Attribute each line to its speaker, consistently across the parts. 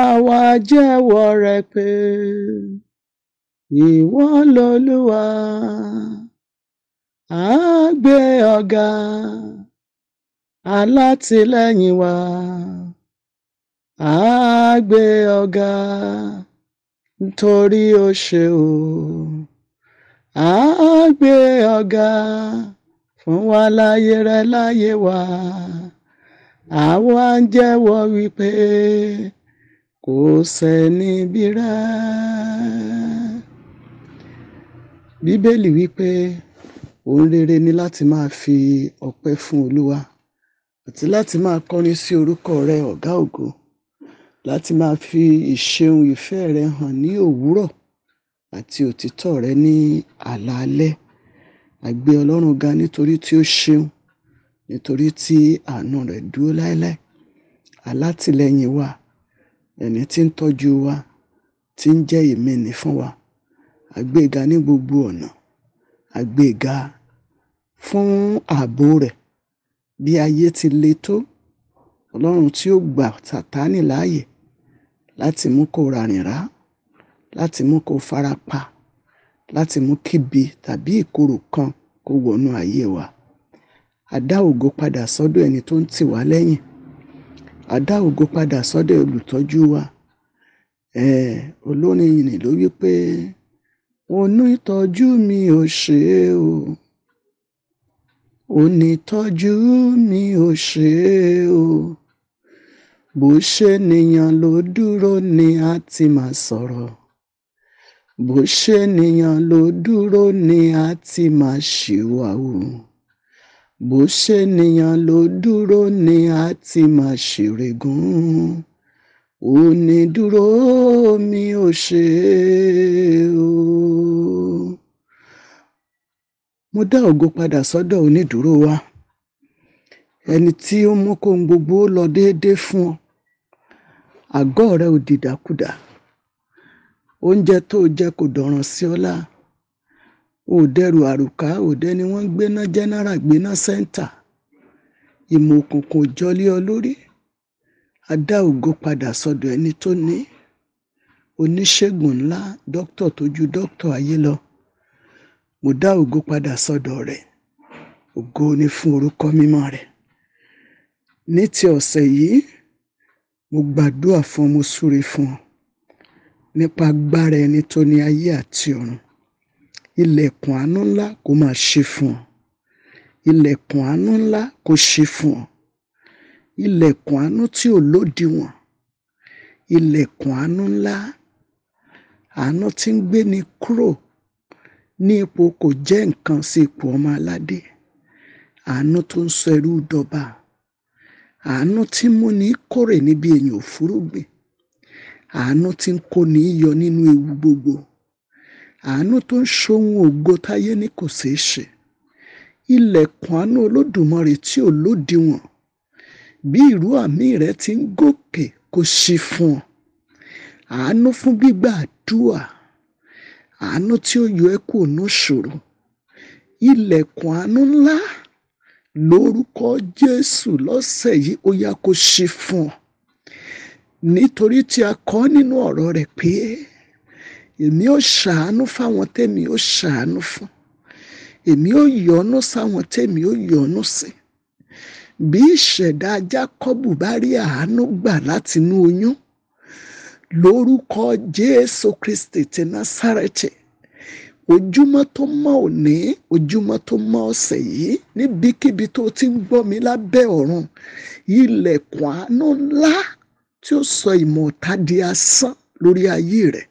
Speaker 1: àwa jẹ́wọ́ rẹ pé ìwọ lolúwa á gbé ọ̀gá alátìlẹ́yìn wa á gbé ọ̀gá nítorí ó ṣe o á gbé ọ̀gá fún wa láyé rẹ láyé wa àwa ń jẹ́wọ́ wípé kò sẹ́ni bírà bíbélì wípé òun rere ni láti máa fi ọpẹ́ fún olúwa àti láti máa kọrin sí orúkọ rẹ ọ̀gá ògo láti máa fi ìṣeun ìfẹ́ rẹ hàn ní òwúrọ̀ àti òtítọ́ rẹ ní àlàálẹ́ àgbé ọlọ́run ga nítorí tí ó ṣeun nítorí tí àánú rẹ̀ dúró láéláé alátìlẹ́yìn wa ẹni tí ń tọ́jú wa tí ń jẹ́ ìmíní fún wa àgbéga ní gbogbo ọ̀nà àgbéga fún ààbò rẹ̀ bí ayé ti le tó ọlọ́run tí ó gbà sátánì láàyè láti mú kó rarìnrá láti mú kó farapa láti mú kíbi tàbí ìkorò kan kó wọnú ayé wa a ògo padà sọ́dọ̀ ẹni tó ń tì wá lẹ́yìn a dá ògo padà sọ́dọ̀ olùtọ́jú wa eh, olórin yìnyín ló wí pé onítọ́jú mi ò ṣe é o onítọ́jú mi ò ṣe é o bó ṣe nìyàn ló dúró ni a ti máa sọ̀rọ̀ bó ṣe nìyàn ló dúró ni a ti máa ṣìwà o bó ṣènìyàn ló dúró ni a ti máa ṣèrègùn òní dúró mi ò ṣe o. mo dá ògo padà sọ́dọ̀ onídùúró wa ẹni tí ó mú kóhun gbogbo lọ déédéé fún ọ àgọ́ rẹ ò dìdàkudà oúnjẹ tó jẹ kò dọ̀ràn sí ọ láà òdẹrù àrùká òde ni wọn ń gbéná jẹnẹra gbéná sẹńtà ìmọ òkùnkùn ò jọlé ọ lórí á dá ògo padà sọ́dọ̀ ẹni tó ní oníṣègùn ńlá dókítà tó ju dókítà ayé lọ mo dá ògo padà sọ́dọ̀ rẹ̀ ògo ni fún orúkọ mímọ́ rẹ̀ ní ti ọ̀sẹ̀ yìí mo gbàdúrà fún ọ súre fún ọ nípa agbára ẹni tó ní ayé àti ọ̀run ilẹ̀kùn àánú ńlá kó máa ṣí fún ọ ilẹ̀kùn àánú ńlá kó ṣí fún ọ ilẹ̀kùn àánú tí ò lódiwọ̀n ilẹ̀kùn àánú ńlá àánú tí ń gbéni kúrò ní ipò kò jẹ́ nǹkan sí ipò ọmọ aládé àánú tó ń sọ ẹrú dọba àánú tí múni kórè níbi èèyàn òfúrúgbìn àánú tí ń kóni yọ nínú ewu gbogbo àánú tó ń ṣohun ògo táyé ní kò ṣeé ṣe ilẹ̀kùn àánú olódùmarè tí ò lódiwọ̀n bí ìrú àmì rẹ ti ń gòkè kò ṣí fún ọ àánú fún gbígbà àdúà àánú tí ó yọ ẹ́ kù ní ṣòro ilẹ̀kùn àánú ńlá lórúkọ Jésù lọ́sẹ̀ yìí ó yá kó ṣí fún ọ nítorí tí a kọ nínú ọ̀rọ̀ rẹ̀ pé èmi ó ṣàánú fáwọn tèmi ó ṣàánú fún èmi ó yọ́nú sáwọn tèmi ó yọ́nú sí bí ìṣẹ̀dá Jákọ́bù bá rí àánú gbà látinú oyún lórúkọ Jésù Kristi ti Násárẹ́tì ojúmọ́ tó mọ́ òní ojúmọ́ tó mọ́ ọ̀sẹ̀ yìí níbikíbi tó ti ń gbọ́ mi lábẹ́ ọ̀run ilẹ̀kùn àánú ńlá tí ó sọ ìmọ̀ ọ̀tá di asán lórí ayé rẹ̀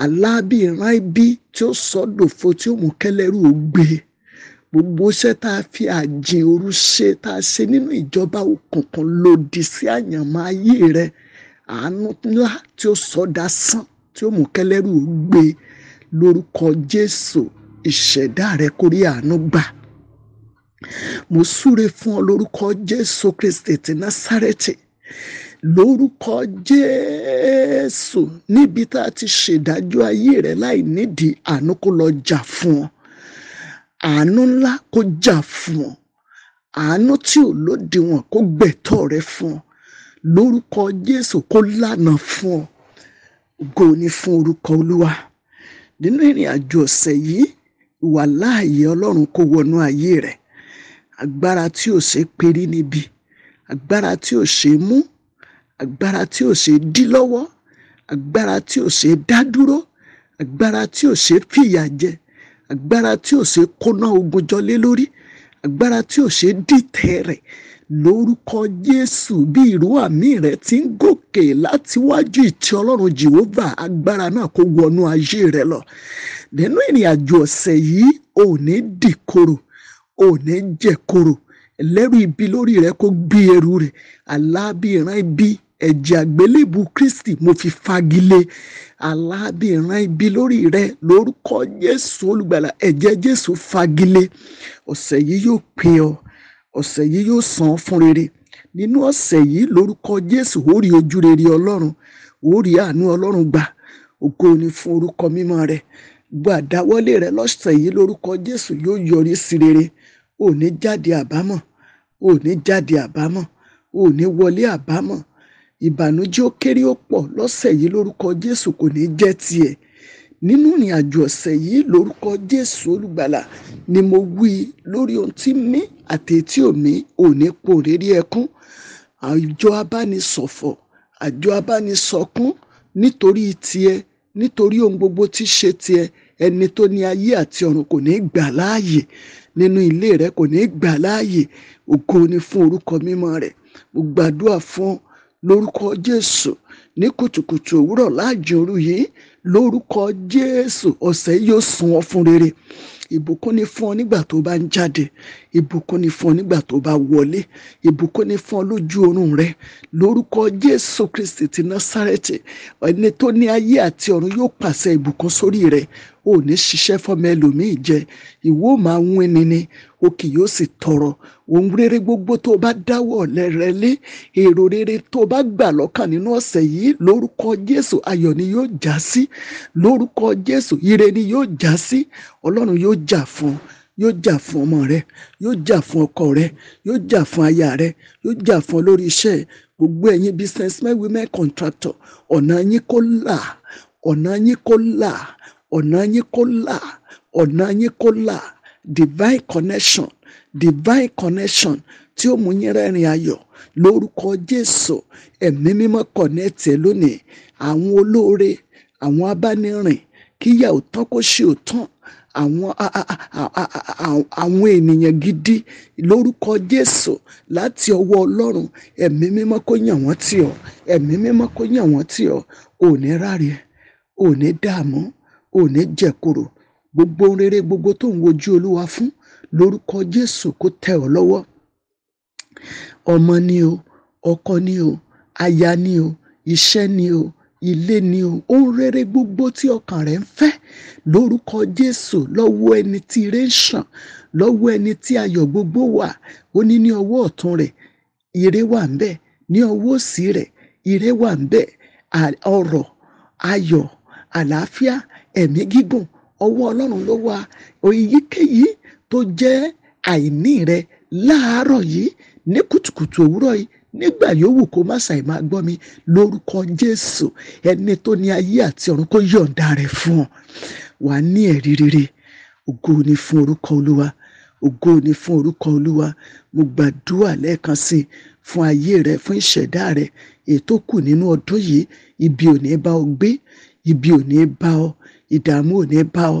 Speaker 1: alábìíràn ibi tí ó sọdòfo tí ó mú kẹlẹ́rú ògbé gbogbo iṣẹ́ tá a fi àjìn òru ṣe tá a ṣe nínú ìjọba òkùnkùn lòdì sí àyànmọ́ ayé rẹ àánú ńlá tí ó sọdá sàn tí ó mú kẹlẹ́rú ògbé lórúkọ Jésù ìṣẹ̀dá rẹ kórí àánú gbà mo súre fún ọ lórúkọ Jésù Kristi ti Násárẹ́tì lórúkọ jésù níbi tá a ti ṣèdájọ́ ayé rẹ láì nídìí àánú kó lọ jà fún ọ àánú ńlá kó jà fún ọ àánú tí ò lódiwọ̀n kó gbẹ̀tọ́ rẹ fún ọ lórúkọ jésù kó lànà fún ọ ògo ni fún orúkọ olúwa nínú ìrìn àjò ọ̀sẹ̀ yìí ìwà láàyè ọlọ́run kó wọnú ayé rẹ agbára tí ò ṣe é perí níbi agbára tí ò ṣe é mú agbára tí ò ṣe dí lọ́wọ́ agbára tí ò ṣe dá dúró agbára tí ò ṣe fìyà jẹ agbára tí ò ṣe kóná ogun jọlé lórí agbára tí ò ṣe dìtẹ̀ rẹ̀ lórúkọ Jésù bí ìró àmì rẹ̀ ti ń gòkè láti wájú ìtì Ọlọ́run Jèhófà agbára náà kó wọnú ayé rẹ̀ lọ nínú ìrìn àjò ọ̀sẹ̀ yìí ò ní dìkorò ò ní jẹ̀korò ẹlẹ́rù ibi lórí rẹ kó gbé ẹrù rẹ alábìíràn ibi ẹ̀jẹ̀ àgbélébù kristi mo fi fagilé alábìíràn ibi lórí rẹ lórúkọ jésù olùgbàlà ẹ̀jẹ̀ jésù fagilé ọ̀sẹ̀ yìí yóò pè ọ́ ọ̀sẹ̀ yìí yóò san fún rere nínú ọ̀sẹ̀ yìí lórúkọ jésù ó rí ojú rere ọlọ́run ó rí àánú ọlọ́run gbà ògo ni fún orúkọ mímọ́ rẹ gbàdáwọlé rẹ lọ́sẹ̀ yìí lórúkọ jésù yóò yọrí sí rere ò ní jáde àbámọ̀ o ò ní jáde àbámọ̀ o ò ní wọlé àbámọ̀ ìbànújẹ́ ó kéré ó pọ̀ lọ́sẹ̀ yìí lórúkọ Jésù kò ní jẹ́ tiẹ̀ nínú ìrìn àjò ọ̀sẹ̀ yìí lórúkọ Jésù olùgbàlà ni mo wí lórí ohun tí mí àti etí òmí ò ní po rírí ẹkún àjọ abánisọ̀fọ̀ àjọ abánisọkún nítorí tiẹ̀ nítorí ohun gbogbo tí ṣe tiẹ̀ ẹni tó ní ayé àti ọ̀run kò ní gbà láàyè nínú ilé rẹ kò ní gbà láàyè ògo ni fún orúkọ mímọ́ rẹ mo gbàdúrà fún lórúkọ Jésù ní kùtùkùtù òwúrọ̀ láàjìn yìí lórúkọ Jésù ọ̀sẹ̀ yóò sún ọ fún rere ìbùkún ni fún ọ nígbà tó bá ń jáde ìbùkún ni fún ọ nígbà tó bá wọlé ìbùkún ni fún ọ lójú oorun rẹ lórúkọ Jésù Kristi ti Násárẹ́tì ẹni tó ní ayé àti ọ̀run yóò pàṣẹ ìbùkún sórí rẹ ò ní ṣiṣẹ́ fọmọ ẹlòmíì jẹ ìwọ máa ń wíni ni o kì yóò sì tọrọ ohun rere gbogbo tó o bá dáwọ́ lẹrẹ lé èrò rere tó o bá gbà lọ́kàn nínú ọ̀sẹ̀ yìí lórúkọ Jésù ayọ̀ ni yóò já sí lórúkọ Jésù ire ni yóò já sí Ọlọ́run yóò jà fún yóò jà fún ọmọ rẹ yóò jà fún ọkọ rẹ yóò jà fún aya rẹ yóò jà fún olórí iṣẹ́ gbogbo ẹ̀yin businessmen women contractor ọ̀nà yín kó là ọ̀nà yín kó là ọ̀nà yín kó là ọ̀nà yín kó là divine connection divine connection tí ó mú yín rẹ́rìn ayọ̀ lórúkọ Jésù ẹ̀mí mímọ́ kọ̀nẹ́tì ẹ̀ lónìí àwọn olóore àwọn abánirìn kíyà òtán kó ṣe òtán àwọn àwọn ènìyàn gidi lórúkọ Jésù láti ọwọ́ Ọlọ́run ẹ̀mí mímọ́ kó yàn wọ́n tì ọ́ ẹ̀mí mímọ́ kó yàn wọ́n tì ọ́ òní rárẹ̀ òní dààmú òní jẹ̀kúrò gbogbo rere gbogbo tó ń wojú Olúwa fún lórúkọ Jésù kó tẹ̀ ọ́ lọ́wọ́ ọmọ ni o ọkọ ni o aya ni o iṣẹ́ ni o ilé ni o ohun rere gbogbo tí ọkàn rẹ ń fẹ́ lórúkọ jésù lọ́wọ́ ẹni tí ire ń ṣàn lọ́wọ́ ẹni tí ayọ̀ gbogbo wà ó ní ní ọwọ́ ọ̀tún rẹ̀ ire wà ń bẹ̀ ní ọwọ́ òsì rẹ̀ ire wà ń bẹ̀ ọrọ̀ ayọ̀ àlàáfíà ẹ̀mí gígùn ọwọ́ ọlọ́run ló wà èyíkéyìí tó jẹ́ àìní rẹ láàárọ̀ yìí ní kùtùkùtù òwúrọ̀ yìí nígbà yòówù kó má ṣàì máa gbọ́ mi lórúkọ Jésù ẹni tó ní ayé àti ọ̀run kó yọ̀ǹda rẹ̀ fún ọ wà ní ẹ̀rí rere ògo ni fún orúkọ Olúwa ògo ni fún orúkọ Olúwa mo gbàdúrà lẹ́ẹ̀kan sí i fún ayé rẹ fún ìṣẹ̀dá rẹ ètò kù nínú ọdún yìí ibi ò ní bá ọ gbé ibi ò ní bá ọ ìdààmú ò ní bá ọ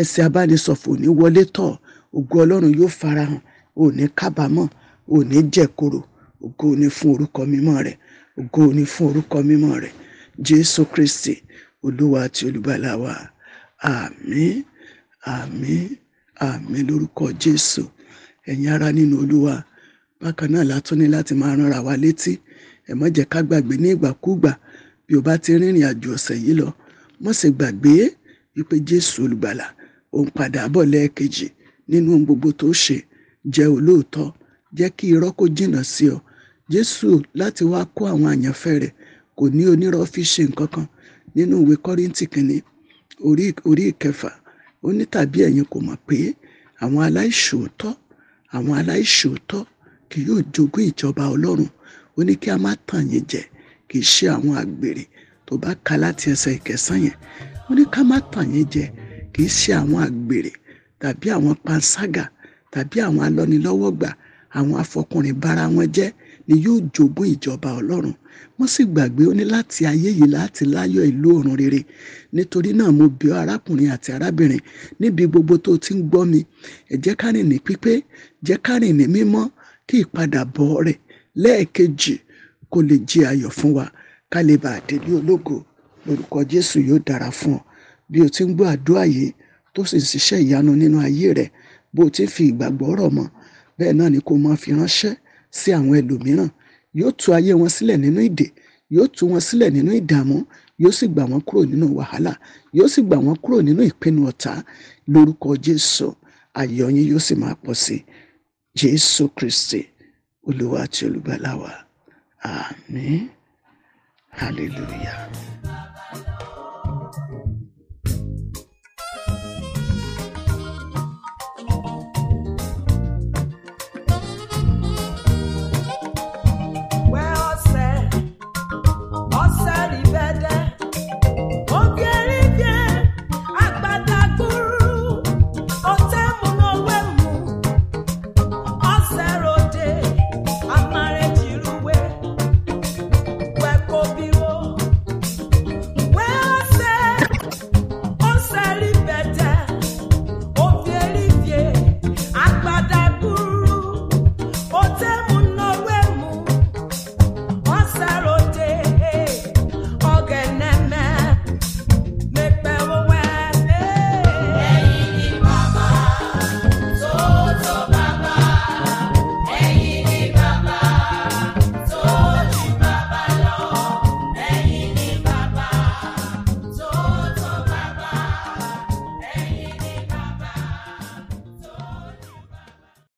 Speaker 1: ẹsẹ̀ abánisọ̀fọ̀ ò ní wọlé tọ̀ ògo Ọlọ́run yóò farahàn ò ní kábàámọ̀ ò ní jẹ̀koro ògo ni fún orúkọ mímọ́ rẹ̀ ògo ni fún orúkọ mímọ́ rẹ̀ jésù kristi olúwa àti olùgbàlà wa àmín àmín àmín lórúkọ jésù ẹ̀yin ará nínú olúwa bákan náà látún ní láti máa ránra wa létí ẹ má jẹ́ ká gbàgbé ní ìgbàkúgbà bí o bá ti rìnrìn àjò ọ̀sẹ̀ yìí lọ má ṣe gbàgbé wípé jésù olùgbàlà òun padà bọ̀ lẹ́ẹ̀kejì nínú gbogbo tó ṣe jẹ́ olóòótọ́ jẹ́ kí irọ́ kó jìnnà sí ọ jésù láti wá kó àwọn àyànfẹ́ rẹ̀ kò ní onírọ́ fi ṣe nǹkan kan nínú ìwé kọ́ríńtì kìíní orí ìkẹfà ó ní tàbí ẹ̀yin kò mọ̀ pé àwọn aláìṣòótọ́ àwọn aláìṣòótọ́ kì yóò jogún ìjọba ọlọ́run ó ní kí a má tàn yín jẹ kì í ṣe àwọn àgbèrè tó bá ka láti ẹsẹ̀ ìkẹsàn yẹn ó ní ká má tàn yín jẹ kì í ṣe àwọn àgbèrè tàbí àwọn panṣágà tàbí àwọn alọ́nilọ́wọ́gbà àwọn afọkùnrin bara wọn jẹ́ ni yóò jogún ìjọba ọlọ́run wọ́n sì gbàgbé ó ní láti ayé yìí láti láyọ̀ ìlú ọ̀run rere nítorí náà mo bí ọ arákùnrin àti arábìnrin níbi gbogbo tó ti ń gbọ́ mi ẹ jẹ́ ká rìn ní pípé jẹ́ ká rìn ní mímọ́ kí ìpadàbọ̀ rẹ̀ lẹ́ẹ̀kejì kó lè jẹ́ ayọ̀ fún wa ká lè bá àdélé ológo lórúkọ jésù yóò dára fún ọ bí o ti ń gbọ́ àdúrà yìí tó sì ń ṣiṣẹ́ ìyanu nínú ayé rẹ bó o ti fi ìgbàgbọ́ rọ̀ mọ́ bẹ́ẹ̀ náà ni kó máa fi ránṣẹ́ sí àwọn ẹlòmíràn yóò tú ayé wọn sílẹ̀ nínú ìdè yóò tú wọn sílẹ̀ nínú ìdààmú yóò sì gbà wọ́n kúrò nínú wàhálà yóò sì gbà wọ́n kúrò nínú ìpinnu ọ̀tá lórúkọ Jésù ayọ̀ yín yóò sì máa pọ̀ sí Jésù Kristi Olúwa àti Olùgbàlà wa hallelujah.